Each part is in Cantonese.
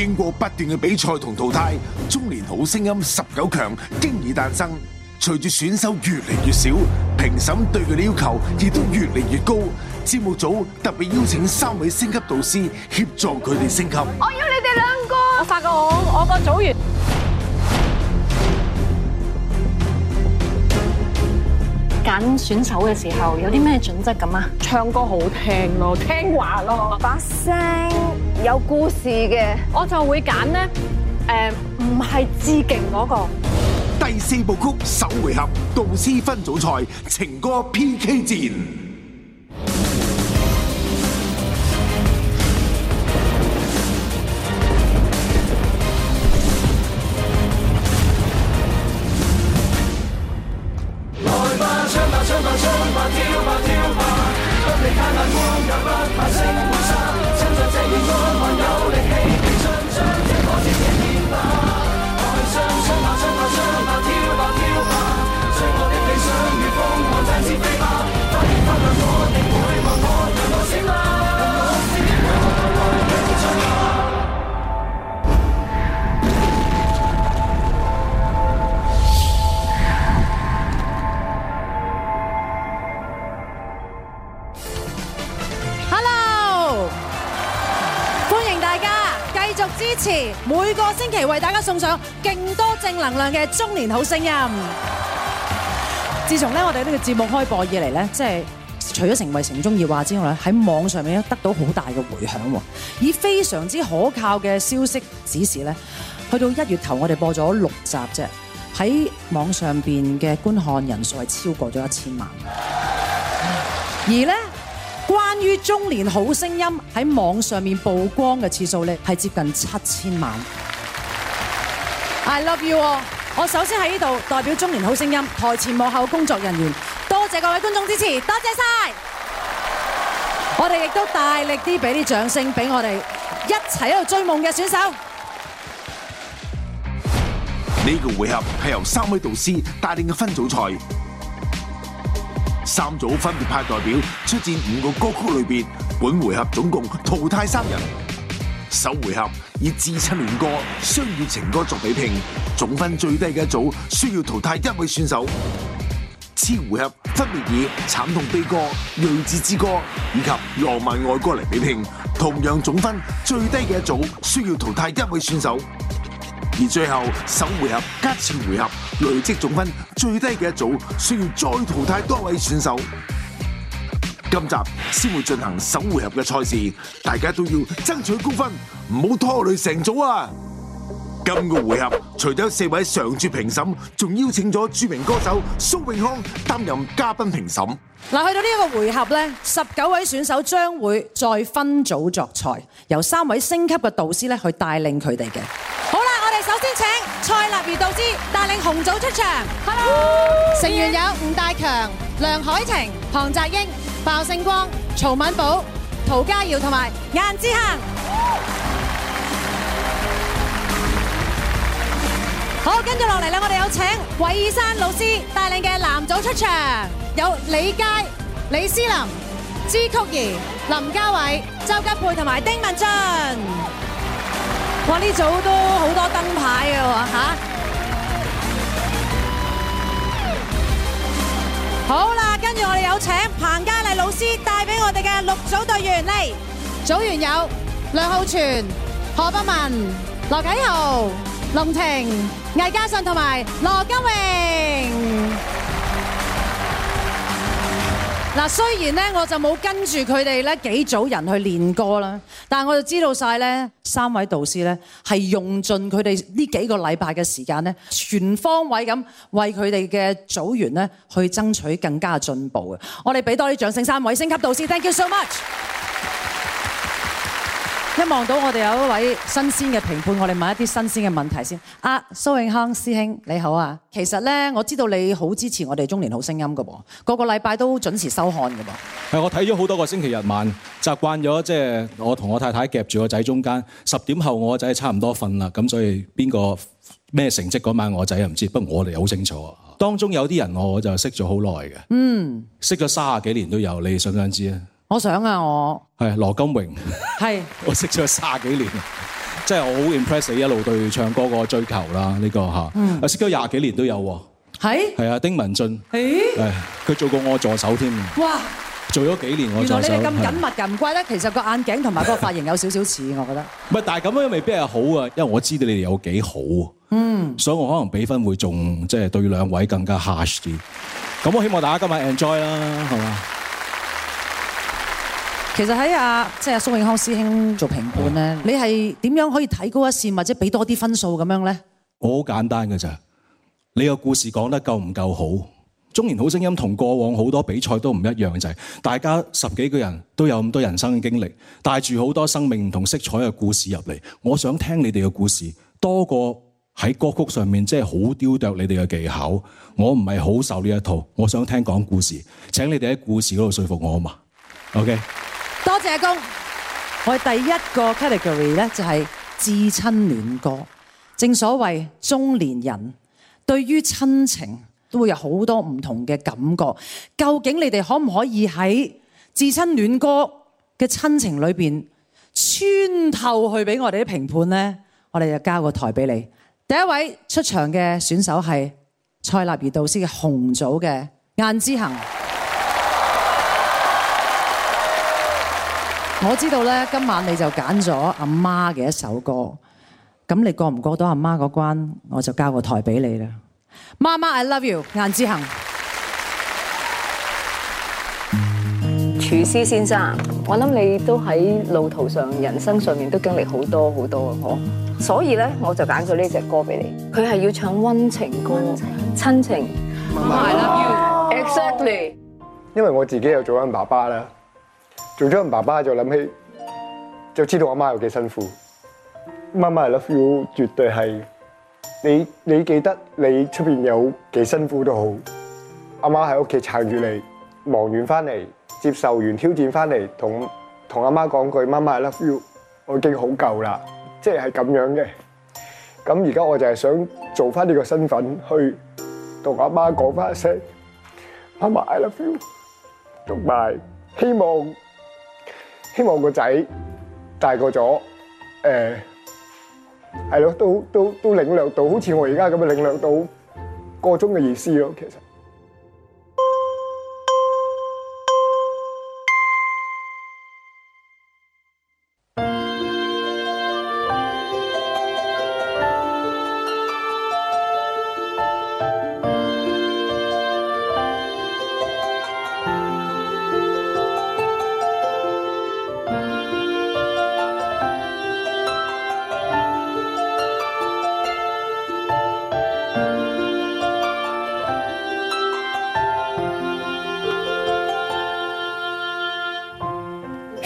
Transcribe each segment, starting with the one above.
經過不斷嘅比賽同淘汰，中年好聲音十九強經已誕生。隨住選手越嚟越少，評審對佢哋要求亦都越嚟越高。節目組特別邀請三位星級導師協助佢哋升級。我要你哋兩個，我發覺我我個組員。揀選，選手嘅時候有啲咩準則咁啊？唱歌好聽咯，聽話咯，把聲有故事嘅，我就會揀呢，誒、呃，唔係至勁嗰個。第四部曲首回合導師分組賽情歌 P K 戰。送上勁多正能量嘅中年好聲音。自從咧我哋呢個節目開播以嚟咧，即係除咗成為城中熱話之外咧，喺網上面咧得到好大嘅迴響。以非常之可靠嘅消息指示咧，去到一月頭我哋播咗六集啫，喺網上邊嘅觀看人數係超過咗一千萬。而咧，關於中年好聲音喺網上面曝光嘅次數咧，係接近七千萬。I love you。我首先喺呢度代表中年好聲音台前幕後工作人員，多謝各位觀眾支持，多謝晒。我哋亦都大力啲俾啲掌聲俾我哋一齊喺度追夢嘅選手。呢個回合係由三位導師帶領嘅分組賽，三組分別派代表出戰五個歌曲裏邊，本回合總共淘汰三人。首回合。以摯親暖歌、雙語情歌作比拼，總分最低嘅一組需要淘汰一位選手。次回合分別以慘痛悲歌、睿智之歌以及浪漫愛歌嚟比拼，同樣總分最低嘅一組需要淘汰一位選手。而最後首回合加次回合累積總分最低嘅一組需要再淘汰多位選手。今集先會進行首回合嘅賽事，大家都要爭取高分。唔好拖累成組啊！今個回合除咗四位常駐評審，仲邀請咗著名歌手蘇永康擔任嘉賓評審。嗱，去到呢一個回合咧，十九位選手將會再分組作賽，由三位星級嘅導師咧去帶領佢哋嘅。好啦，我哋首先請蔡立兒導師帶領紅組出場，Hello，成員有吳大強、梁海晴、龐澤英、鮑聖光、曹敏寶、陶家耀同埋顏志恒。好，跟住落嚟咧，我哋有請韋綺姍老師帶領嘅男組出場，有李佳、李思林、朱曲兒、林嘉偉、周吉佩同埋丁文俊。哇，呢組都好多燈牌嘅吓。好啦，跟住我哋有請彭家麗老師帶俾我哋嘅六組隊員嚟，組員有梁浩全、何博文、羅啟豪。龍婷、魏嘉信同埋羅金榮，嗱雖然咧我就冇跟住佢哋咧幾組人去練歌啦，但係我就知道晒咧三位導師咧係用盡佢哋呢幾個禮拜嘅時間咧全方位咁為佢哋嘅組員咧去爭取更加進步嘅。我哋俾多啲掌聲三位星級導師，Thank you so much。謝謝。希望到我哋有一位新鮮嘅評判，我哋問一啲新鮮嘅問題先。阿、啊、蘇永康師兄你好啊，其實咧我知道你好支持我哋《中年好聲音》噶喎，個個禮拜都準時收看噶噃。係我睇咗好多個星期日晚，習慣咗即係我同我太太夾住個仔中間，十點後我個仔差唔多瞓啦，咁所以邊個咩成績嗰晚我仔又唔知，不過我哋好清楚啊。當中有啲人我，我就識咗好耐嘅，嗯，識咗卅幾年都有，你想唔想知啊？我想啊，我係羅金榮，係我識咗卅幾年，即係我好 impress 你一路對唱歌個追求啦，呢、呢個嚇，我、嗯、識咗廿幾年都有喎，係係啊，丁文俊，誒、欸，佢做過我助手添，哇，做咗幾年我助手，原來你哋咁緊密噶，唔怪得，其實個眼鏡同埋嗰個髮型有少少似， 我覺得，唔係，但係咁樣未必係好啊，因為我知道你哋有幾好，嗯，所以我可能俾分會仲即係對兩位更加 hush 啲，咁我希望大家今晚 enjoy 啦，係嘛？其實喺啊，即係蘇永康師兄做評判咧，你係點樣可以提高一線或者俾多啲分數咁樣咧？我好簡單嘅咋，你個故事講得夠唔夠好？中年好聲音同過往好多比賽都唔一樣嘅就係大家十幾個人都有咁多人生嘅經歷，帶住好多生命唔同色彩嘅故事入嚟。我想聽你哋嘅故事，多過喺歌曲上面即係好雕琢你哋嘅技巧。我唔係好受呢一套，我想聽講故事。請你哋喺故事嗰度說服我啊嘛。OK。多謝阿公。我哋第一個 category 咧就係摯親暖歌。正所謂中年人對於親情都會有好多唔同嘅感覺。究竟你哋可唔可以喺摯親暖歌嘅親情裏面穿透去俾我哋啲評判呢？我哋就交個台俾你。第一位出場嘅選手係蔡立兒導師嘅紅組嘅顏志恒。我知道咧，今晚你就揀咗阿媽嘅一首歌，咁你過唔過到阿媽嗰關，我就交個台俾你啦。媽媽，I love you. 顏志恒。廚師先生，我諗你都喺路途上，人生上面都經歷好多好多。所以咧，我就揀咗呢隻歌俾你。佢係要唱溫情，quan 情，親情。I love you. Exactly。因為我自己又做緊爸爸啦，做咗爸爸就諗起，就知道阿媽有幾辛苦。媽媽 I love you，絕對係你。你記得你出邊有幾辛苦都好，阿媽喺屋企撐住你，忙完翻嚟，接受完挑戰翻嚟，同同阿媽講句媽媽 I love you，我已經好夠啦。即係咁樣嘅。咁而家我就係想做翻呢個身份去同阿媽講翻一聲媽媽 I love you。同埋希望。希望個仔大個咗，誒係咯，都都都領略到，好似我而家咁啊，領略到個中嘅意思咯，其實。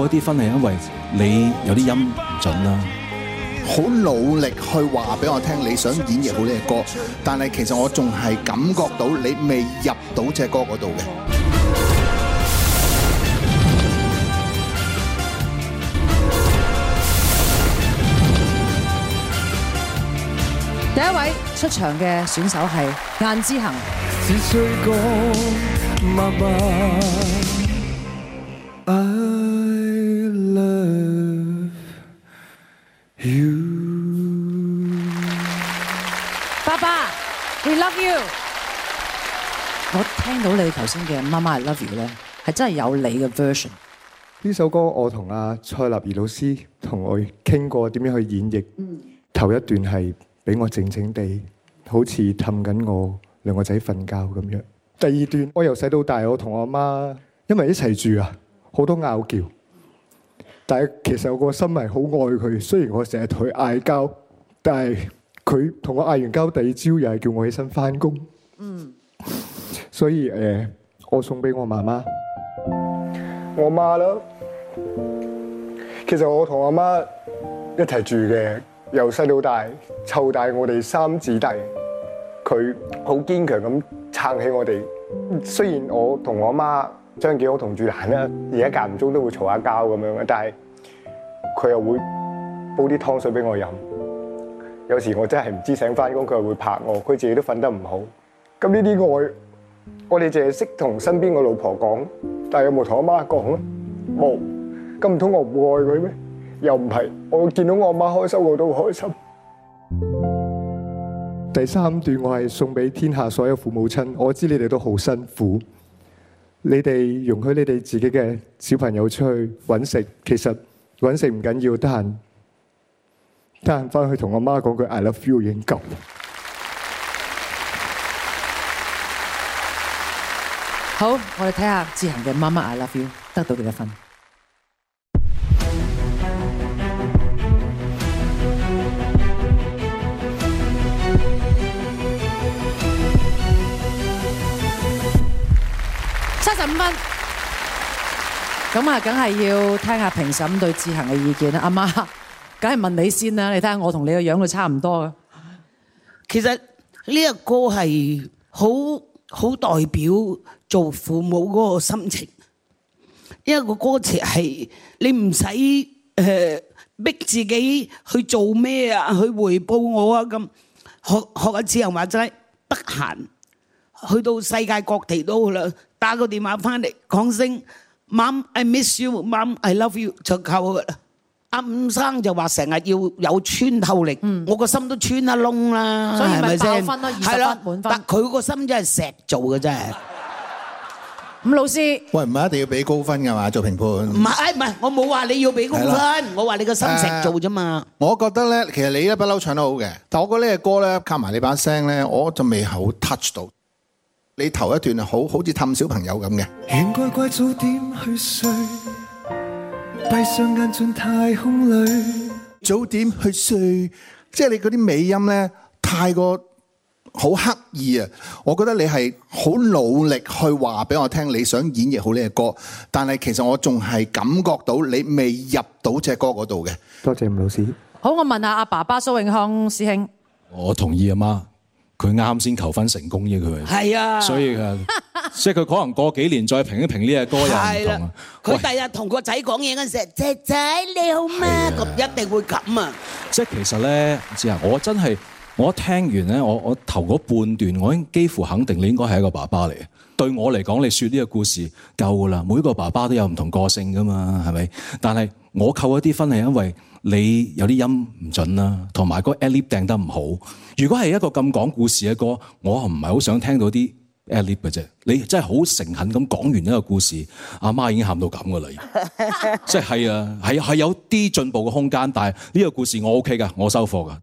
嗰啲分係因為你有啲音唔準啦，好努力去話俾我聽你想演繹好呢隻歌，但係其實我仲係感覺到你未入到隻歌嗰度嘅。第一位出場嘅選手係顏志恒。聽到你頭先嘅 Mama I Love You 咧，係真係有你嘅 version。呢首歌我同阿蔡立兒老師同我傾過點樣去演繹。嗯，頭一段係俾我靜靜地，好似氹緊我兩個仔瞓覺咁樣。第二段，我由細到大，我同我媽因為一齊住啊，好多拗撬。但係其實我個心係好愛佢，雖然我成日同佢嗌交，但係佢同我嗌完交，第二朝又係叫我起身返工。嗯。所以誒、呃，我送俾我媽媽，我媽啦。其實我同我媽一齊住嘅，由細到大湊大我哋三姊弟，佢好堅強咁撐起我哋。雖然我同我媽相見好同住難啦，而家間唔中都會嘈下交咁樣，但係佢又會煲啲湯水俾我飲。有時我真係唔知醒翻工，佢又會拍我，佢自己都瞓得唔好。咁呢啲愛。我哋淨係識同身邊個老婆講，但係有冇同阿媽講咧？冇。咁唔通我唔愛佢咩？又唔係。我見到我阿媽開心，我都開心。第三段我係送俾天下所有父母親，我知你哋都好辛苦，你哋容許你哋自己嘅小朋友出去搵食。其實搵食唔緊要，得閒得閒翻去同阿媽講句 I love you 已經夠。好，我哋睇下志恒嘅《媽媽 I Love You》得到幾多分？七十五分，咁啊，梗係要聽下評審對志恒嘅意見啦。阿媽，梗係問你先啦。你睇下，我同你個樣都差唔多。其實呢個歌係好。好代表做父母嗰個心情，因為個歌詞係你唔使誒逼自己去做咩啊，去回報我啊咁，學學下自由話齋，得閒去到世界各地都好啦，打個電話翻嚟講聲，Mom I miss you，Mom I love you 就夠噶啦。阿伍生就話成日要有穿透力，我個心都穿一窿啦，係咪先？係咯，但佢個心真係石做嘅真係。咁老師，喂，唔係一定要俾高分嘅嘛，做評判？唔係，唔係，我冇話你要俾高分，我話你個心石做啫嘛。我覺得咧，其實你咧不嬲唱得好嘅，但係我覺得呢隻歌咧靠埋你把聲咧，我就未好 touch 到你頭一段，好好似氹小朋友咁嘅，早啲去睡。閉上眼進太空裏，早點去睡，即係你嗰啲尾音咧太過好刻意啊！我覺得你係好努力去話俾我聽，你想演繹好呢隻歌，但係其實我仲係感覺到你未入到隻歌嗰度嘅。多謝吳老師。好，我問下阿爸爸蘇永康師兄，我同意阿媽。佢啱先求婚成功，嘅。佢係啊，所以佢，即係佢可能過幾年再評一評呢個歌又唔同啦。佢第日同個仔講嘢嗰陣時候，仔仔你好咩？咁、啊、一定會咁啊！即係其實咧，唔知啊，我真係我一聽完咧，我我頭嗰半段我已經幾乎肯定你應該係一個爸爸嚟。對我嚟講，你說呢個故事夠啦。每個爸爸都有唔同個性噶嘛，係咪？但係我扣一啲分係因為。你有啲音唔準啦、啊，同埋個 ad-lib 掟得唔好。如果係一個咁講故事嘅歌，我唔係好想聽到啲 ad-lib 嘅啫。你真係好誠懇咁講完呢個故事，阿媽已經喊到咁㗎啦。即係係啊，係係有啲進步嘅空間，但係呢個故事我 OK 㗎，我收貨㗎。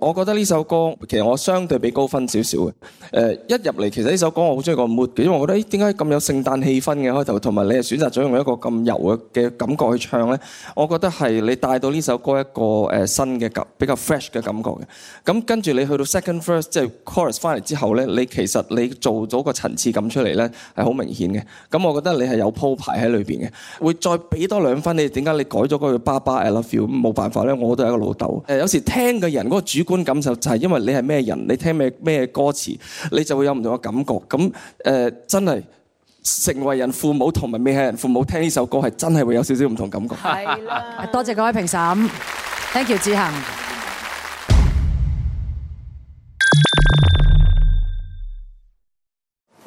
我覺得呢首歌其實我相對比高分少少嘅。誒一入嚟，其實呢首歌我好中意個 mood 嘅，因為我覺得點解咁有聖誕氣氛嘅開頭，同埋你係選擇咗用一個咁柔嘅嘅感覺去唱咧？我覺得係你帶到呢首歌一個誒、呃、新嘅感，比較 fresh 嘅感覺嘅。咁跟住你去到 second verse 即係 chorus 翻嚟之後咧，你其實你做咗個層次感出嚟咧，係好明顯嘅。咁我覺得你係有鋪排喺裏邊嘅，會再俾多兩分你。點解你改咗句爸爸 I love you？冇辦法咧，我都係一個老豆。誒有時聽嘅人嗰、嗰個主。觀感受就係，因為你係咩人，你聽咩咩歌詞，你就會有唔同嘅感覺。咁誒、呃，真係成為人父母同埋未係人父母聽呢首歌，係真係會有少少唔同感覺。係啦，多謝各位評審，Thank you，志恒。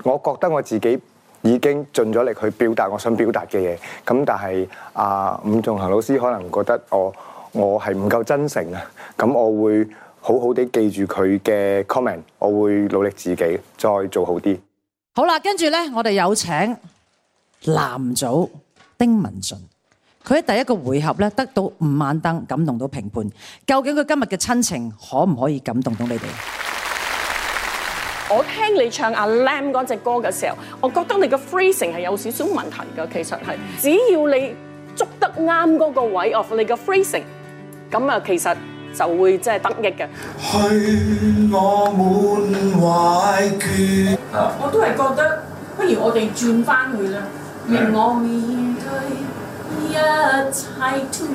我覺得我自己已經盡咗力去表達我想表達嘅嘢，咁但係阿伍仲恒老師可能覺得我我係唔夠真誠啊，咁我會。好好地記住佢嘅 comment，我會努力自己再做好啲。好啦，跟住咧，我哋有請藍組丁文俊，佢喺第一個回合咧得到五萬燈，感動到評判。究竟佢今日嘅親情可唔可以感動到你哋？我聽你唱阿 Lam 嗰隻歌嘅時候，我覺得你嘅 phrasing 係有少少問題嘅。其實係，只要你捉得啱嗰個位，哦，你嘅 phrasing 咁啊，其實。就會即係得益嘅。去我滿懷倦，我都係覺得不如我哋轉翻去啦。令、嗯、我面對一切 to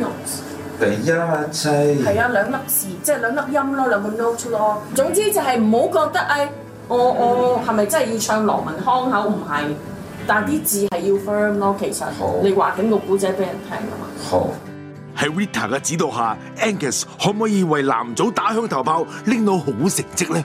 第 o 一切。係啊，兩粒字即係兩粒音咯，兩個 notes 咯。總之就係唔好覺得誒，我我係咪真係要唱羅文腔口？唔係，但係啲字係要 firm 咯。其實你話緊個古仔俾人聽㗎嘛。好。喺 Rita 嘅指導下，Angus 可唔可以為藍組打響頭炮，拎到好成績咧？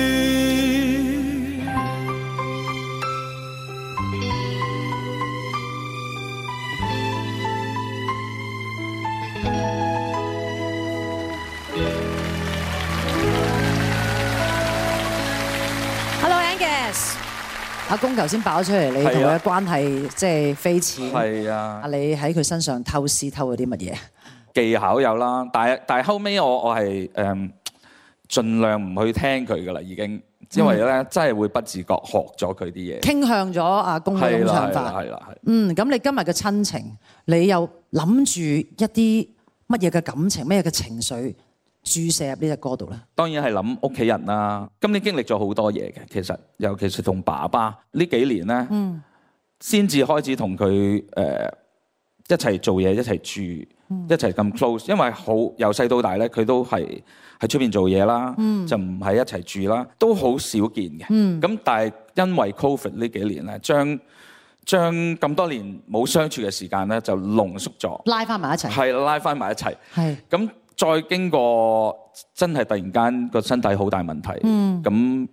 阿公頭先爆咗出嚟，你同佢嘅關係、啊、即係非淺係啊，阿你喺佢身上偷師偷咗啲乜嘢技巧有啦。但係但係後尾我我係誒，儘、嗯、量唔去聽佢噶啦，已經因為咧、嗯、真係會不自覺學咗佢啲嘢，傾向咗阿公嗰想法係啦係嗯，咁你今日嘅親情，你又諗住一啲乜嘢嘅感情，咩嘅情緒？注射入這呢隻歌度咧，當然係諗屋企人啦、啊。今年經歷咗好多嘢嘅，其實尤其是同爸爸呢幾年咧，先、嗯、至開始同佢誒一齊做嘢，一齊住，嗯、一齊咁 close。因為好由細到大咧，佢都係喺出邊做嘢啦，就唔係一齊住啦，都好少見嘅。咁、嗯、但係因為 covid 呢幾年咧，將將咁多年冇相處嘅時間咧，就濃縮咗，拉翻埋一齊，係拉翻埋一齊，係咁。再經過真係突然間個身體好大問題、嗯那，咁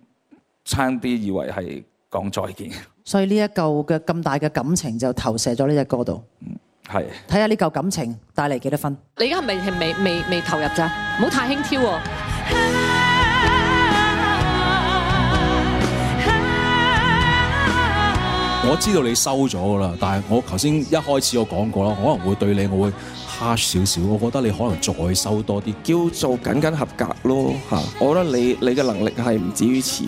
差啲以為係講再見。所以呢一舊嘅咁大嘅感情就投射咗呢隻歌度。嗯，係。睇下呢舊感情帶嚟幾多分。是你現在是不是？你而家係咪係未未未投入咋？唔好太輕佻喎。我知道你收咗噶啦，但係我頭先一開始我講過啦，可能會對你，我會。差少少，我覺得你可能再收多啲，叫做僅僅合格咯嚇。我覺得你你嘅能力係唔止於此。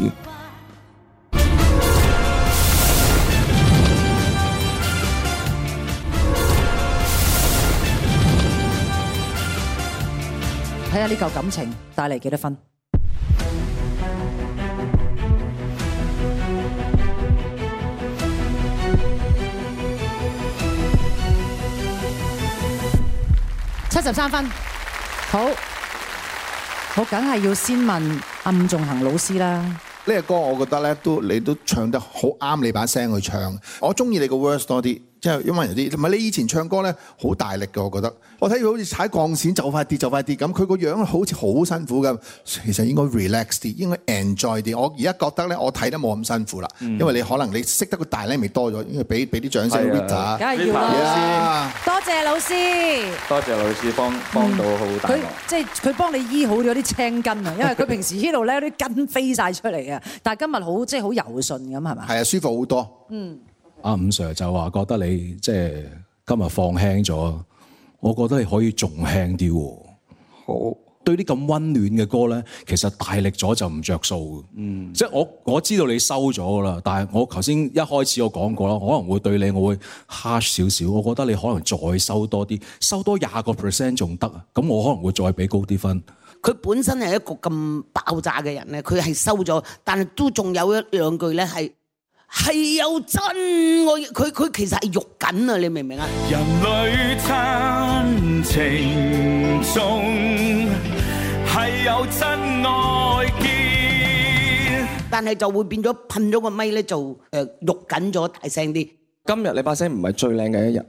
睇下呢嚿感情帶嚟幾多分？三十三分，好，我梗係要先問暗仲恒老師啦。呢個歌我覺得咧都你都唱得好啱你把聲去唱，我中意你個 words 多啲。即係因為啲唔係你以前唱歌咧好大力嘅，我覺得我睇佢好似踩鋼線，就快跌就快跌咁。佢個樣好似好辛苦嘅，其實應該 relax 啲，應該 enjoy 啲。我而家覺得咧，我睇得冇咁辛苦啦。因為你可能你識得個大咧咪多咗，應該俾俾啲掌聲。Rita，梗係要啦！多、yeah. 謝謝老師，多謝老師幫幫到好大忙。即係佢幫你醫好咗啲青筋啊，因為佢平時呢度 t 咧有啲筋飛晒出嚟嘅，但係今日好即係好柔順咁係咪？係啊，舒服好多。嗯。阿、啊、五 sir 就話覺得你即係今日放輕咗，我覺得你可以仲輕啲喎。好對啲咁溫暖嘅歌咧，其實大力咗就唔着數。嗯，即係我我知道你收咗噶啦，但係我頭先一開始我講過啦，可能會對你我會 hush 少少。我覺得你可能再收多啲，收多廿個 percent 仲得啊。咁我可能會再俾高啲分。佢本身係一個咁爆炸嘅人咧，佢係收咗，但係都仲有一兩句咧係。係有真愛，佢佢其實係肉緊啊！你明唔明啊？人類親情中係有真愛見。但係就會變咗，噴咗個咪咧就誒肉緊咗，大聲啲。今日你把聲唔係最靚嘅一日。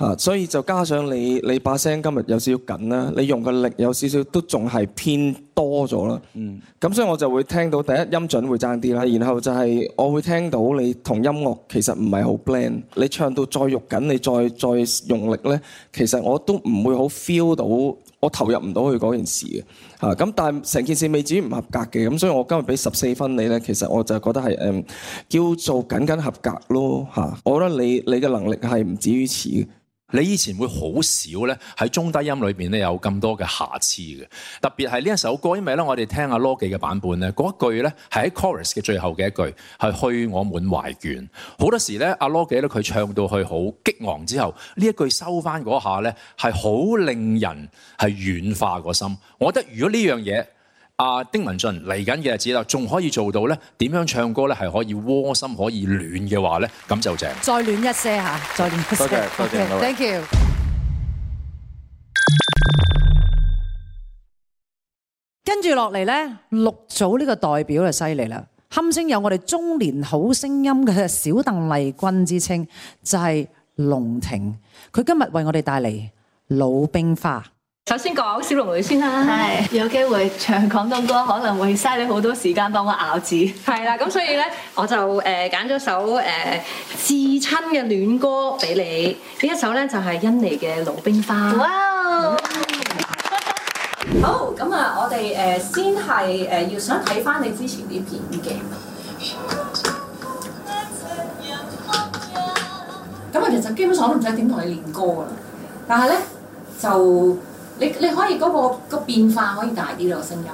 啊，所以就加上你，你把聲今日有少少緊啦，你用嘅力有少少都仲係偏多咗啦。嗯，咁所以我就會聽到第一音準會爭啲啦，然後就係我會聽到你同音樂其實唔係好 blend，你唱到再肉緊，你再再用力咧，其實我都唔會好 feel 到，我投入唔到去嗰件事嘅。嚇，咁但係成件事未至於唔合格嘅，咁所以我今日俾十四分你咧，其實我就覺得係、呃、叫做僅僅合格咯。嚇，我覺得你你嘅能力係唔止於此嘅。你以前會好少咧喺中低音裏邊咧有咁多嘅瑕疵嘅，特別係呢一首歌，因為咧我哋聽阿羅技嘅版本咧，嗰一句咧係喺 chorus 嘅最後嘅一句係虛我滿懷怨，好多時咧阿羅技咧佢唱到去好激昂之後，呢一句收翻嗰下咧係好令人係軟化個心，我覺得如果呢樣嘢。阿、啊、丁文俊嚟緊嘅日子啦，仲可以做到咧？點樣唱歌咧係可以窩心可以暖嘅話咧？咁就正。再暖一些吓，再暖一些。多謝多謝，Thank you。跟住落嚟咧，六組呢個代表就犀利啦。堪稱有我哋中年好聲音嘅小鄧麗君之稱，就係龍婷。佢今日為我哋帶嚟《魯冰花》。首先講小龍女先啦、啊，係有機會唱廣東歌可能會嘥你好多時間幫我咬字。係啦，咁所以咧我就誒揀咗首誒摯、呃、親嘅戀歌俾你，呢一首咧就係甄妮嘅《魯冰花》。哇！嗯、 好咁啊，我哋誒、呃、先係誒要想睇翻你之前啲片嘅，咁啊 其實基本上我都唔使點同你練歌啦，但係咧就。你你可以嗰、嗰個嗰個嗰個變化可以大啲咯，嗰個、聲音。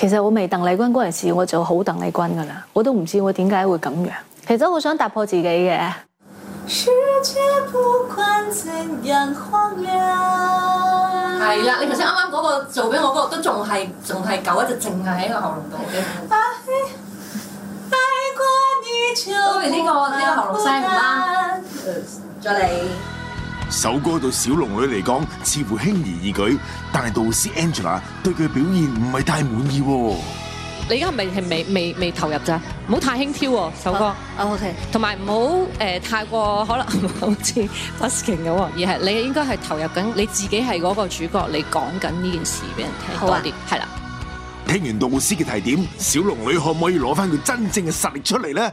其實我未鄧麗君嗰陣時，我就好鄧麗君噶啦，我都唔知道我點解會咁樣。其實我好想突破自己嘅。係啦，你頭先啱啱嗰個做俾我嗰個都仲係仲係一直淨係喺個喉嚨度嘅。因為呢個呢個喉嚨生唔啦。呃，再嚟。首歌對小龍女嚟講似乎輕而易舉，但係導師 Angela 對佢表現唔係太滿意喎。你而家未係未未未投入咋？唔好太輕佻喎，首歌。OK，同埋唔好誒，太過可能好似 busking 咁，而係你應該係投入緊你自己係嗰個主角，你講緊呢件事俾人聽多啲。係啦、啊，聽完導師嘅提點，小龍女可唔可以攞翻佢真正嘅實力出嚟咧？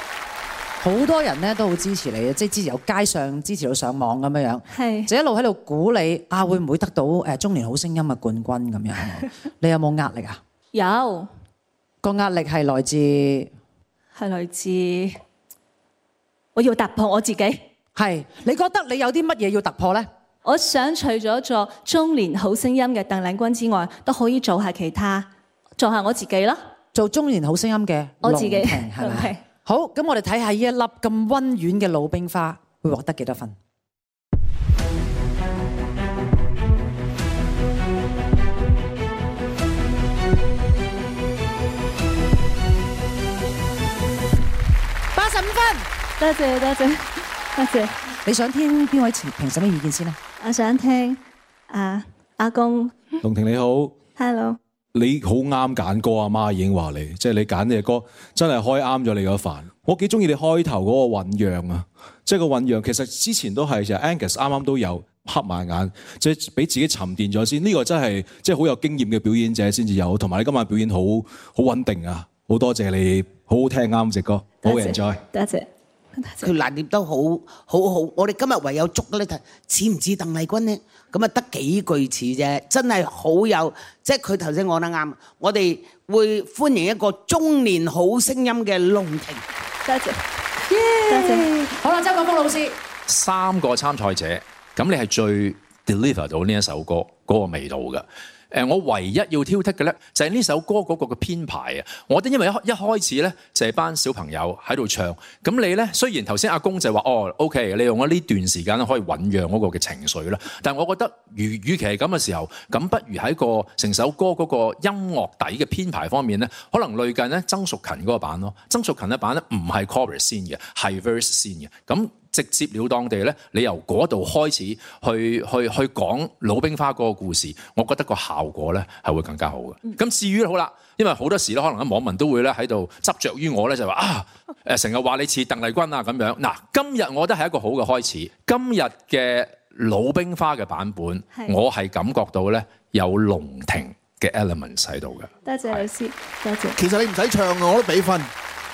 好多人咧都好支持你嘅，即係支持由街上支持到上網咁樣樣，係就一路喺度鼓勵你啊！會唔會得到誒中年好聲音嘅冠軍咁樣，你有冇壓力啊？有個壓力係來自係來自我要突破我自己。係。你覺得你有啲乜嘢要突破咧？我想除咗做中年好聲音嘅鄧麗君之外，都可以做下其他，做下我自己咯。做中年好聲音嘅我自己係咪？好，咁我哋睇下呢一粒咁温軟嘅魯冰花，會獲得幾多分？八十五分，多謝多謝多謝。謝謝謝謝你想聽邊位評評審咩意見先啊？我想聽阿、啊、阿公，龍婷你好，Hello。你好啱揀歌，阿媽已經話你，即係你揀呢個歌真係開啱咗你個飯。我幾中意你開頭嗰個醞釀啊，即係個醞釀其實之前都係就 Angus 啱啱都有黑埋眼，即係俾自己沉澱咗先。呢個真係即係好有經驗嘅表演者先至有，同埋你今晚表演好好穩定啊！好多謝你，好好聽啱隻歌，好 enjoy，多謝。佢拿捏得好好好，我哋今日唯有捉到呢咧，似唔似鄧麗君呢？咁啊，得幾句似啫，真係好有，即係佢頭先講得啱。我哋會歡迎一個中年好聲音嘅龍婷。多謝，多謝、yeah. 多謝。好啦，周國峰老師，三個參賽者，咁你係最 deliver 到呢一首歌嗰個味道嘅。呃、我唯一要挑剔嘅咧，就係呢首歌嗰個嘅編排啊！我覺得因為一一開始咧就係班小朋友喺度唱，咁你咧雖然頭先阿公就話哦，OK，你用咗呢段時間咧可以醞釀嗰個嘅情緒啦，但係我覺得與，與其係咁嘅時候，咁不如喺個成首歌嗰個音樂底嘅編排方面咧，可能類近咧曾淑勤嗰個版咯。曾淑勤嘅版咧唔係 chorus 先嘅，係 verse 先嘅，咁。直接了當地咧，你由嗰度開始去去去講《魯冰花》嗰個故事，我覺得個效果咧係會更加好嘅。咁、嗯、至於好啦，因為好多時咧，可能啲網民都會咧喺度執着於我咧就話啊，誒成日話你似鄧麗君啊咁樣。嗱，今日我覺得係一個好嘅開始。今日嘅《魯冰花》嘅版本，我係感覺到咧有龍婷嘅 element 喺度嘅。多謝，謝老師，多謝，謝。其實你唔使唱嘅，我都俾分。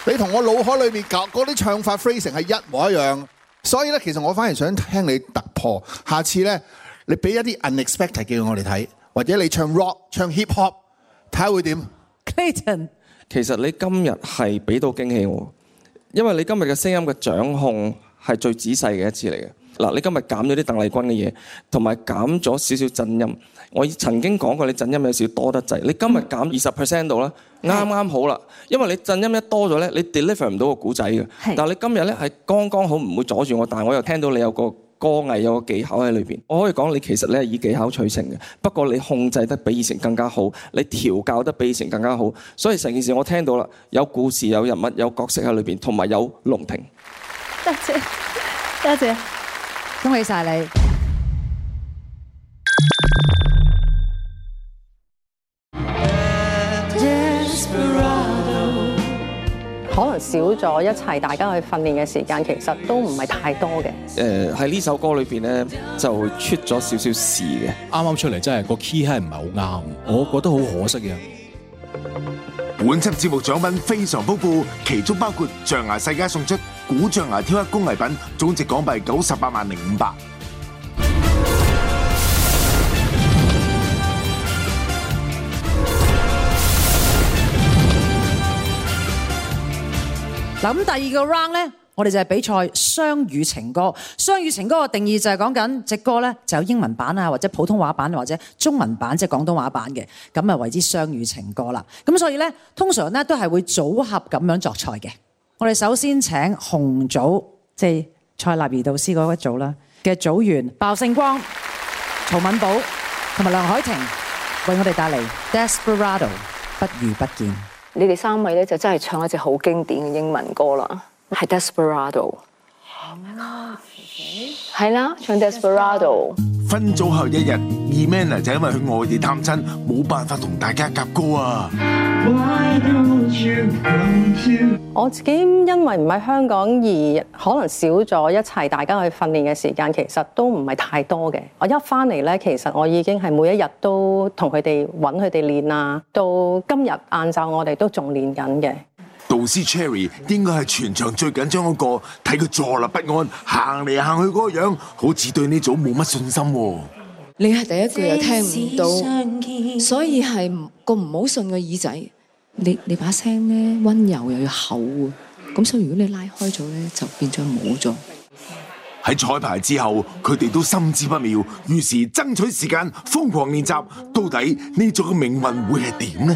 你同我腦海裏面搞嗰啲唱法、phrasing 係一模一樣。所以咧，其實我反而想聽你突破。下次呢，你俾一啲 unexpected 嘅我哋睇，或者你唱 rock 唱看看、唱 hip hop，睇下會點。Clayton，其實你今日係俾到驚喜我，因為你今日嘅聲音嘅掌控係最仔細嘅一次嚟嘅。嗱，你今日減咗啲鄧麗君嘅嘢，同埋減咗少少震音。我曾經講過，你震音有少少多得滯，你今日減二十 percent 到啦，啱啱好啦。因為你震音一多咗咧，你 deliver 唔到個故仔嘅。但係你今日咧係剛剛好，唔會阻住我，但係我又聽到你有個歌藝、有個技巧喺裏邊。我可以講你其實你係以技巧取勝嘅，不過你控制得比以前更加好，你調教得比以前更加好。所以成件事我聽到啦，有故事、有人物、有角色喺裏邊，同埋有，有龍婷。多謝，多謝，謝，恭喜晒你。可能少咗一齊大家去訓練嘅時間，其實都唔係太多嘅。誒，喺呢首歌裏邊咧，就出咗少少事嘅。啱啱出嚟真係個 key 係唔係好啱，我覺得好可惜嘅。本輯節目獎品非常豐富，其中包括象牙世家送出古象牙雕刻工藝品，總值港幣九十八萬零五百。咁第二個 round 呢，我哋就係比賽雙語情歌。雙語情歌嘅定義就係講緊隻歌呢，就有英文版啊，或者普通話版，或者中文版即係廣東話版嘅，咁啊為之雙語情歌啦。咁所以呢，通常呢都係會組合咁樣作賽嘅。我哋首先請紅組，即係蔡立兒導師嗰組啦嘅組員：鮑聖光、曹敏寶同埋梁愷庭，為我哋帶嚟《Desperado》，不如不見。你哋三位咧就真係唱一隻好經典嘅英文歌啦，係 Desperado。o 係啦，唱 Desperado, Desperado。分組後一日，Eman 就因為去外地探親，冇辦法同大家夾歌啊。我自己因為唔喺香港而可能少咗一齊大家去訓練嘅時間，其實都唔係太多嘅。我一翻嚟咧，其實我已經係每一日都同佢哋揾佢哋練喇。到今日晏晝，我哋都仲練緊嘅。導師 Cherry 應該係全場最緊張嗰個，睇佢坐立不安，行嚟行去嗰個樣，好似對呢組冇乜信心喎。你係第一句又聽唔到，所以係個唔好信嘅耳仔。你你把聲咧溫柔又要厚啊，咁所以如果你拉開咗咧，就變咗冇咗。喺彩排之後，佢哋都心知不妙，於是爭取時間，瘋狂練習。到底呢組嘅命運會係點呢？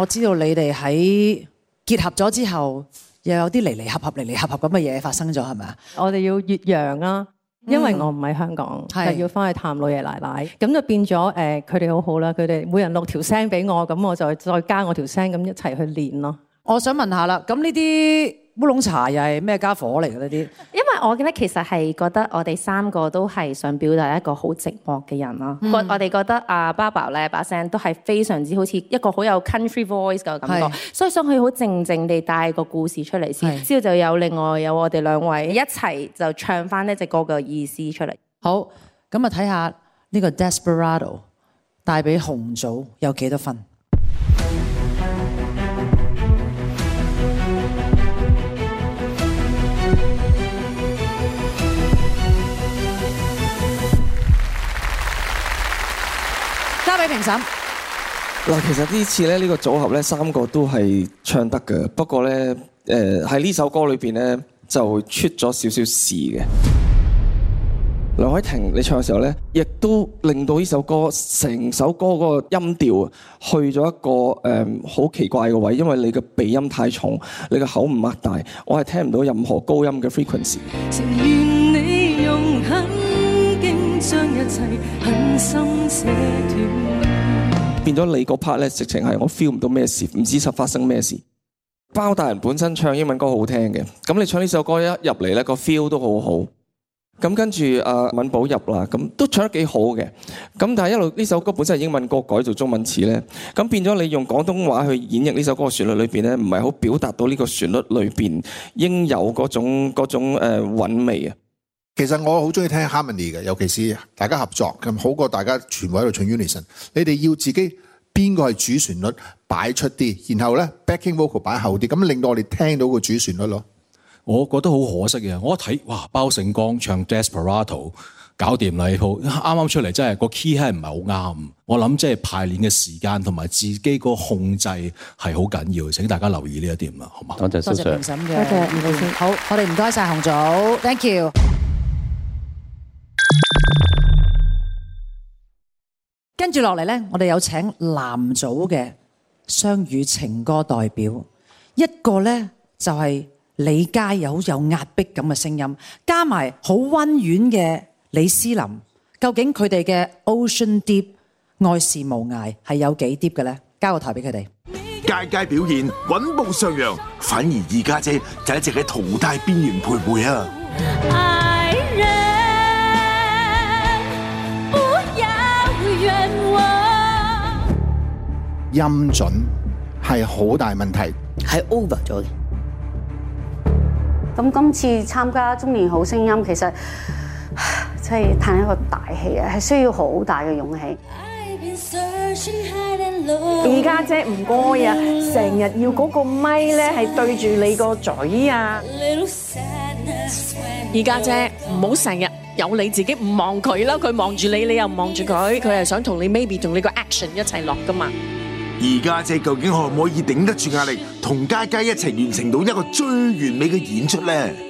我知道你哋喺結合咗之後，又有啲離離合合、離離合合咁嘅嘢發生咗，係咪啊？我哋要越洋啦、啊，因為我唔喺香港，嗯、係要翻去探老爺奶奶，咁就變咗誒，佢、呃、哋好好啦。佢哋每人錄條聲俾我，咁我就再加我條聲，咁一齊去練咯。我想問下啦，咁呢啲？烏龍茶又係咩家伙嚟嘅呢啲？因為我覺得其實係覺得我哋三個都係想表達一個好寂寞嘅人咯、嗯。我哋覺得啊 Barbra 咧把聲都係非常之好似一個好有 country voice 嘅感覺，所以想佢好靜靜地帶個故事出嚟先，之後就有另外有我哋兩位一齊就唱翻呢隻歌嘅意思出嚟。好，咁啊睇下呢個 Desperado 帶俾紅組有幾多分。各位評審嗱，其實呢次咧呢個組合咧，三個都係唱得嘅。不過咧，誒喺呢首歌裏邊咧，就出咗少少事嘅。梁愷庭你唱嘅時候咧，亦都令到呢首歌成首歌嗰個音調去咗一個誒好奇怪嘅位，因為你嘅鼻音太重，你嘅口唔擘大，我係聽唔到任何高音嘅 frequency。情願你用狠勁將一切狠心捨斷變咗你嗰 part 咧，直情係我 feel 唔到咩事，唔知實發生咩事。包大人本身唱英文歌好聽嘅，咁你唱呢首歌一入嚟咧，個 feel 都好好。咁跟住阿、啊、敏寶入啦，咁都唱得幾好嘅。咁但係一路呢首歌本身係英文歌改做中文詞咧，咁變咗你用廣東話去演繹呢首歌嘅旋律裏面咧，唔係好表達到呢個旋律裏面應有嗰種嗰種、呃、韻味啊。其實我好中意聽 harmony 嘅，尤其是大家合作咁好過大家全部喺度唱 unison。你哋要自己邊個係主旋律擺出啲，然後咧 backing vocal 擺後啲，咁令到我哋聽到個主旋律咯。我覺得好可惜嘅，我一睇哇，鮑聖光唱 desperado 搞掂啦，好啱啱出嚟，真係個 key 係唔係好啱。我諗即係排練嘅時間同埋自己個控制係好緊要嘅。請大家留意呢一點啊，好嘛？多謝評審嘅意見。好，我哋唔該晒紅組，thank you。跟住落嚟呢，我哋有請男組嘅雙語情歌代表，一個呢，就係李佳，有有壓迫咁嘅聲音，加埋好温軟嘅李思林。究竟佢哋嘅 Ocean Deep 愛是無涯係有幾 deep 嘅呢？交個台俾佢哋。佳佳表現穩步上揚，反而二家姐就一直喺淘汰邊緣徘徊啊。啊音準係好大問題，係 over 咗嘅。咁今次參加《中年好聲音》，其實真係嘆一個大氣啊！係需要好大嘅勇氣。二家姐唔該啊，成日要嗰個咪咧係對住你個嘴啊。二家姐唔好成日有你自己唔望佢囉，佢望住你，你又唔望住佢，佢係想同你 maybe 同你個 action 一齊落噶嘛。而家姐究竟可唔可以頂得住壓力，同佳佳一齊完成到一個最完美嘅演出咧？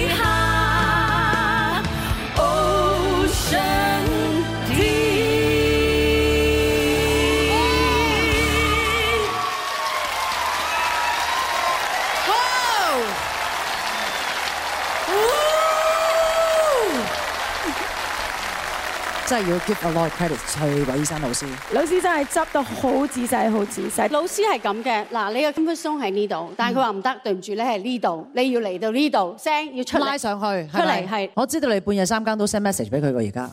真係要 keep a lot credit 去韋醫生老師。老師真係執得好仔細，好仔細。老師係咁嘅，嗱你嘅 muscle 喺呢度，但係佢話唔得，對唔住你係呢度，你要嚟到呢度，聲要出嚟拉上去，是出嚟係。我知道你半夜三更都 send message 俾佢嘅而家。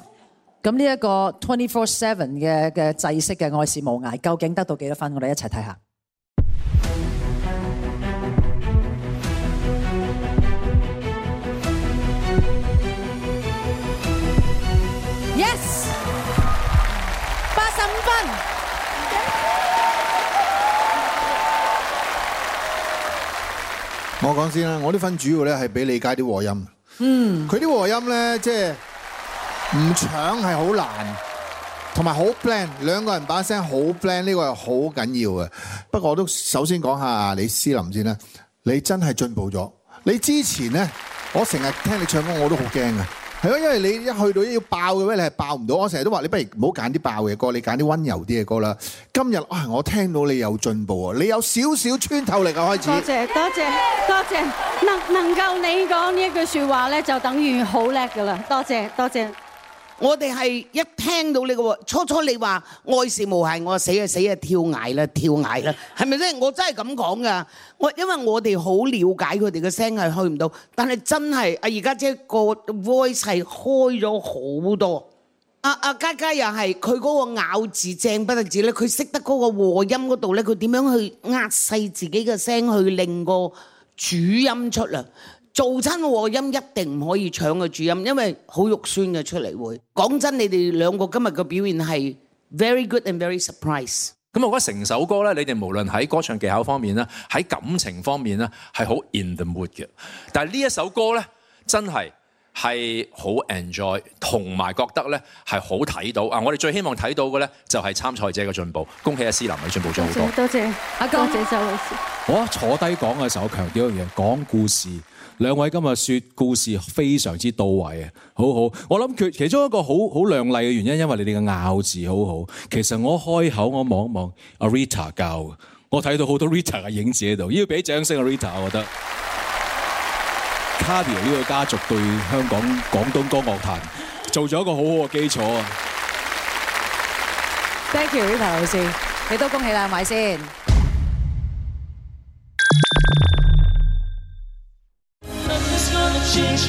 咁呢一個 twenty four seven 嘅嘅制式嘅愛是無涯，究竟得到幾多分？我哋一齊睇下。我講先啦，我啲分主要咧係俾李佳啲和音。嗯，佢啲和音咧即係唔搶係好難，同埋好 blend，兩個人把聲好 blend，呢個係好緊要嘅。不過我都首先講下李思林先啦，你真係進步咗。你之前咧，我成日聽你唱歌我都好驚啊。係咯，因為你一去到要爆嘅咩，你係爆唔到。我成日都話你，不如唔好揀啲爆嘅歌，你揀啲温柔啲嘅歌啦。今日啊，我聽到你有進步啊，你有少少穿透力啊，開始。多謝多謝多謝，多謝多謝能能夠你講呢一句說話咧，就等於好叻噶啦。多謝多謝。多謝我哋係一聽到你個，初初你話愛是無限，我死啊死啊跳崖啦跳崖啦，係咪先？我真係咁講㗎，我因為我哋好了解佢哋嘅聲係去唔到，但係真係啊，而家即係個 voice 係開咗好多。阿阿佳佳又係佢嗰個咬字正不對字咧，佢識得嗰個和音嗰度咧，佢點樣去壓細自己嘅聲去令個主音出嚟？做親和音一定唔可以搶個主音，因為好肉酸嘅出嚟會。講真的，你哋兩個今日嘅表現係 very good and very surprised。咁我覺得成首歌咧，你哋無論喺歌唱技巧方面咧，喺感情方面咧，係好 in the mood 嘅。但係呢一首歌咧，真係係好 enjoy，同埋覺得咧係好睇到。啊，我哋最希望睇到嘅咧就係參賽者嘅進步。恭喜阿思林，你進步咗好多。多謝阿哥，多謝周老師。我坐低講嘅時候強調一樣嘢，講故事。兩位今日說故事非常之到位啊，好好！我諗其中一個好好亮麗嘅原因，因為你哋嘅咬字好好。其實我開口我望一望阿 Rita 教我睇到好多阿 Rita 嘅影子喺度，要俾掌聲阿 Rita，我覺得。Cardio 呢個家族對香港廣東歌樂壇做咗一個好好嘅基礎啊！Thank you，阿 Rita 老師，你都恭喜啦，兩位先？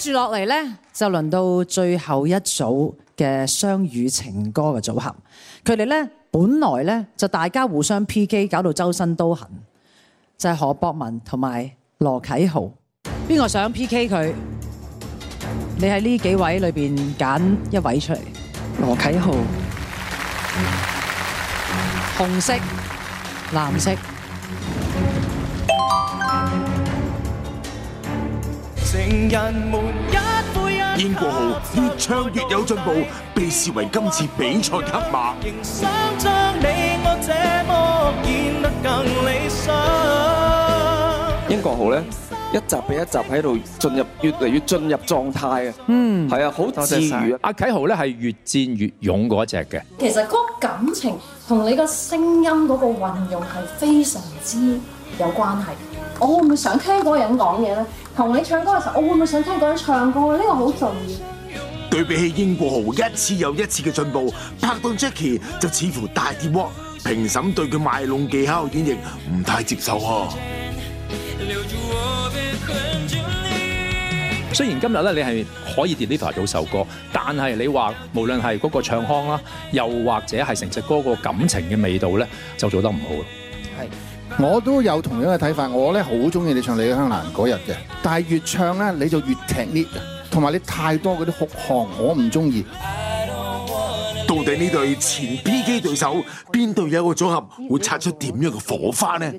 接住落嚟呢，就輪到最後一組嘅雙語情歌嘅組合。佢哋呢，本來呢，就大家互相 PK，搞到周身都痕。就係何博文同埋羅啟豪，邊個想 PK 佢？你喺呢幾位裏邊揀一位出嚟。羅啟豪，紅色、藍色。英國豪越唱越有進步，被視為今次比賽黑馬。英國豪呢一集比一集喺度進入越嚟越進入狀態啊！嗯，係啊，好治愈啊！阿啟豪呢係越戰越勇嗰隻嘅。其實嗰感情同你個聲音嗰個運用係非常之有關係。我會唔會想聽嗰個人講嘢咧？同你唱歌嘅時候，我會唔會想聽嗰人唱歌？呢個好重要。對比起英國豪一次又一次嘅進步，拍到 Jackie 就似乎大跌鑊。評審對佢賣弄技巧演繹唔太接受啊。雖然今日咧你係可以 deliver 到首歌，但係你話無論係嗰個唱腔啦，又或者係成隻歌個感情嘅味道咧，就做得唔好咯。係。我都有同樣嘅睇法，我咧好中意你唱李香蘭嗰日嘅，但係越唱咧你就越踢 lift 同埋你太多嗰啲哭腔，我唔中意。到底呢對前 P.K. 對手邊對有一個組合會擦出點樣嘅火花咧？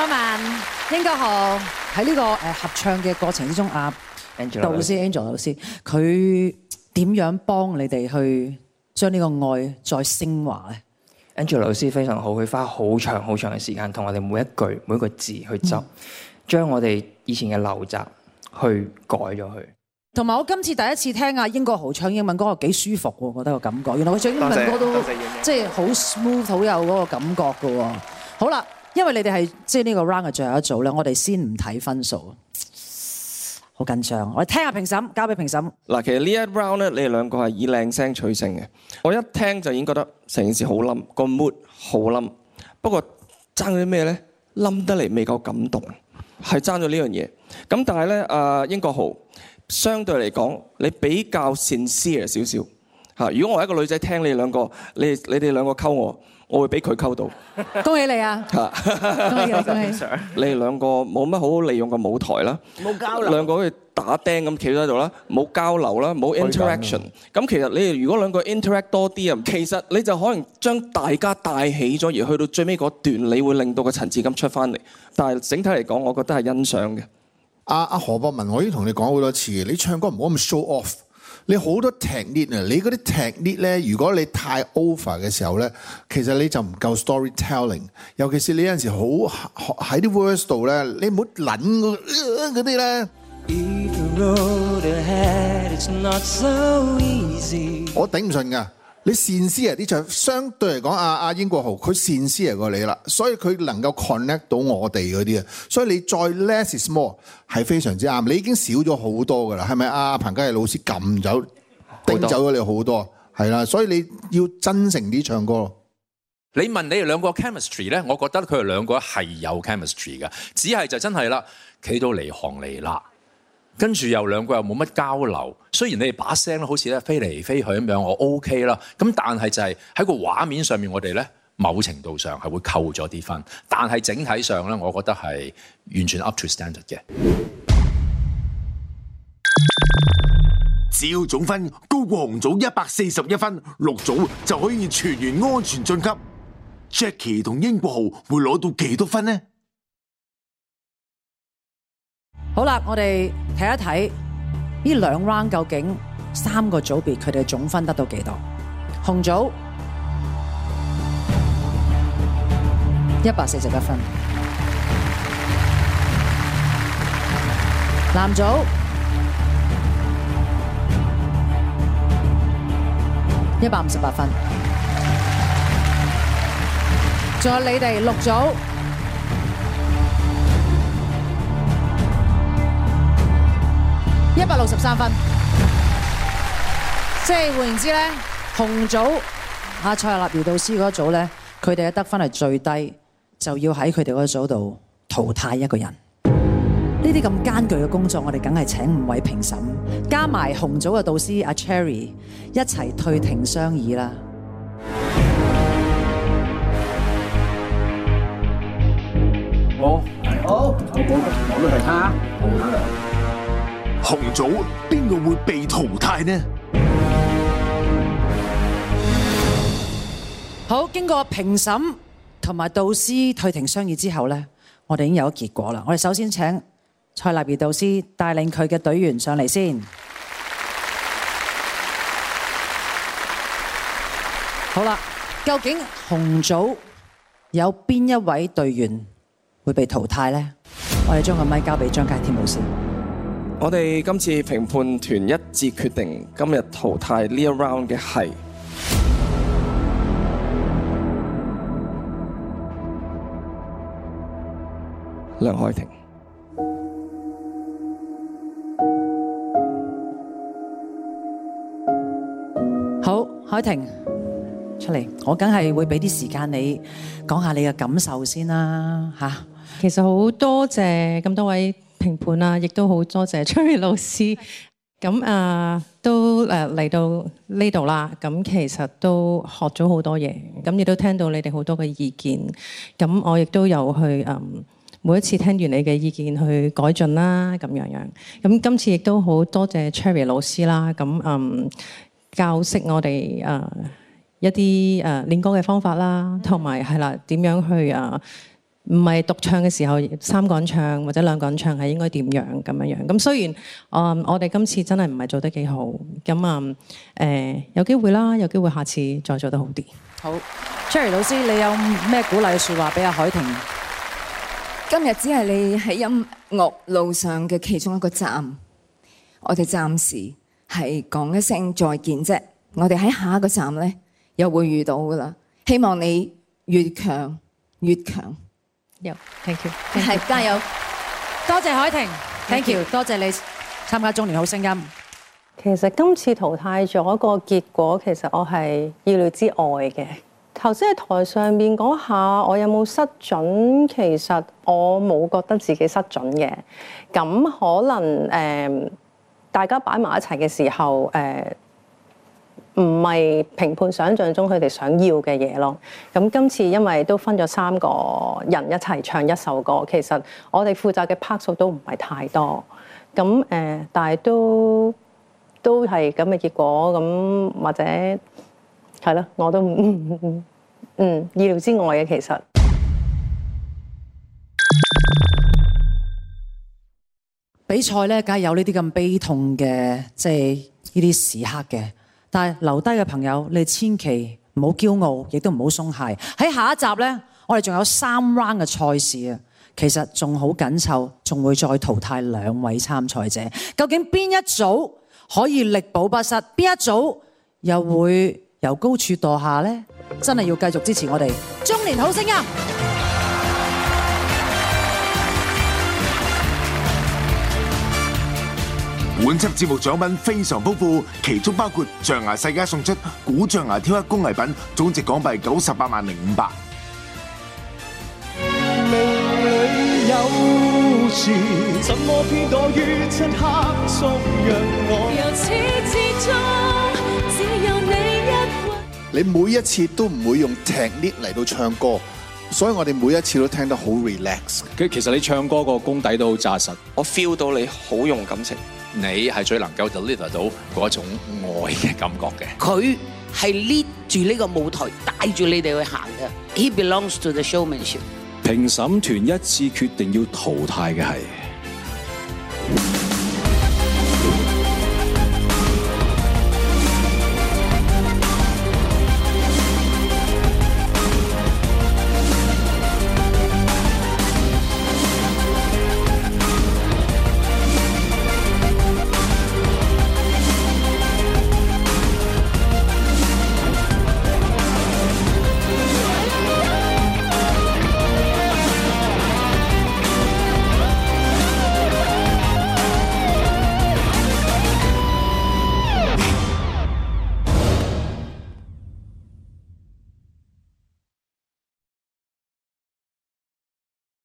阿曼、英國豪喺呢個誒合唱嘅過程之中啊，導師 Angela 老師佢點樣幫你哋去將呢個愛再升華咧？Angela 老師非常好，佢花好長好長嘅時間同我哋每一句每一個字去執，將、嗯、我哋以前嘅陋習去改咗佢，同埋我今次第一次聽阿英國豪唱英文歌，幾舒服喎！我覺得個感覺，原來佢唱英文歌都謝謝謝謝即係好 smooth，好有嗰個感覺噶。好啦。因為你哋係即係呢個 round 嘅最後一組咧，我哋先唔睇分數，好緊張。我哋聽下評審，交俾評審。嗱，其實呢一 round 咧，你哋兩個係以靚聲取勝嘅。我一聽就已經覺得成件事好冧，個 mood 好冧。不過爭咗啲咩咧？冧得嚟未夠感動，係爭咗呢樣嘢。咁但係咧，阿英國豪相對嚟講，你比較 sincere 少少吓。如果我係一個女仔，聽你哋兩個，你哋你哋兩個溝我。我會俾佢溝到恭，恭喜你啊！恭喜恭喜！你哋兩個冇乜好好利用個舞台啦，冇交流，兩個好似打釘咁企喺度啦，冇交流啦，冇 interaction。咁其實你哋如果兩個 interact 多啲啊，其實你就可能將大家帶起咗，而去到最尾嗰段，你會令到個陳志金出翻嚟。但係整體嚟講，我覺得係欣賞嘅。阿阿何博文，我已經同你講好多次，你唱歌唔好咁 show off。你好多 technique 啊！你嗰啲 technique 咧，如果你太 over 嘅時候咧，其實你就唔夠 storytelling。尤其係你有陣時好喺啲 words 度咧，你唔好撚嗰嗰啲咧。我頂唔順㗎。佢善思啊，啲唱相對嚟講，阿阿英國豪佢善思嚟過你啦，所以佢能夠 connect 到我哋嗰啲啊，所以你再 less is more 係非常之啱。你已經少咗好多噶啦，係咪啊？彭家麗老師撳走、釘走咗你好多，係啦，所以你要真誠啲唱歌。你問你哋兩個 chemistry 咧，我覺得佢哋兩個係有 chemistry 噶，只係就真係啦，企到離行離啦。跟住又兩個又冇乜交流，雖然你哋把聲好似咧飛嚟飛去咁樣，我 OK 啦。咁但係就係喺個畫面上面，我哋咧某程度上係會扣咗啲分。但係整體上咧，我覺得係完全 up to standard 嘅。只要總分高過紅組一百四十一分，綠組就可以全員安全晉級。Jackie 同英國豪會攞到幾多分呢？好啦，我哋睇一睇呢兩 round 究竟三個組別佢哋總分得到幾多？紅組一百四十九分，藍組一百五十八分，仲有你哋綠組。一百六十三分，即係換言之咧，紅組阿蔡立兒導師嗰組咧，佢哋嘅得分係最低，就要喺佢哋嗰組度淘汰一個人。呢啲咁艱巨嘅工作，我哋梗係請五位評審，加埋紅組嘅導師阿 Cherry 一齊退庭商議啦。好，是好，我都要睇啊。紅組邊個會被淘汰呢？好，經過評審同埋導師退庭商議之後呢，我哋已經有咗結果啦。我哋首先請蔡立兒導師帶領佢嘅隊員上嚟先。好啦，究竟紅組有邊一位隊員會被淘汰呢？我哋將個咪交俾張佳添老師。我哋今次評判團一致決定，今日淘汰呢一 round 嘅係梁海婷。好，海婷出嚟，我梗係會俾啲時間說說你講下你嘅感受先啦，嚇。其實好多謝咁多位。評判啊，亦都好多謝 Cherry 老師。咁啊、嗯，都誒嚟到呢度啦。咁其實都學咗好多嘢。咁亦都聽到你哋好多嘅意見。咁我亦都有去誒，每一次聽完你嘅意見去改進啦，咁樣樣。咁今次亦都好多謝 Cherry 老師啦。咁誒，教識我哋誒一啲誒練歌嘅方法啦，同埋係啦點樣去啊，唔係獨唱嘅時候，三個人唱或者兩個人唱係應該點樣咁樣樣。咁雖然、呃、我哋今次真係唔係做得幾好、呃、有機會啦，有機會下次再做得好啲。好 Cherry 老師，你有咩鼓勵説話俾阿愷庭？今日只係你喺音樂路上嘅其中一個站，我哋暫時係講一聲再見啫。我哋喺下一個站呢又會遇到噶啦。希望你越強越強。No. thank you，係，加油，多謝海婷 Thank you.，thank you，多謝你參加中年好聲音。其實今次淘汰咗個結果，其實我係意料之外嘅。頭先喺台上面嗰下，我有冇失準？其實我冇覺得自己失準嘅。咁可能誒、呃，大家擺埋一齊嘅時候誒。呃唔係評判想像中佢哋想要嘅嘢咯。咁今次因為都分咗三個人一齊唱一首歌，其實我哋負責嘅 part 數都唔係太多。咁誒、呃，但係都都係咁嘅結果。咁或者係咯，我都嗯，嗯意料之外嘅其實。比賽咧，梗係有呢啲咁悲痛嘅，即係呢啲時刻嘅。但係留低嘅朋友，你哋千祈唔好驕傲，亦都唔好鬆懈。喺下一集呢，我哋仲有三 round 嘅賽事啊，其實仲好緊湊，仲會再淘汰兩位參賽者。究竟邊一組可以力保不失，邊一組又會由高處墮下呢？真係要繼續支持我哋中年好聲音。本輯節目獎品非常豐富，其中包括象牙世家送出古象牙雕刻工藝品，總值港幣九十八萬零五百。你每一次都唔會用技巧嚟到唱歌，所以我哋每一次都聽得好 relax。其實你唱歌個功底都好紮實，我 feel 到你好用感情。你係最能夠 deliver 到嗰種愛嘅感覺嘅，佢係 lead 住呢個舞台帶住你哋去行嘅。He belongs to the showmanship。評審團一致決定要淘汰嘅係。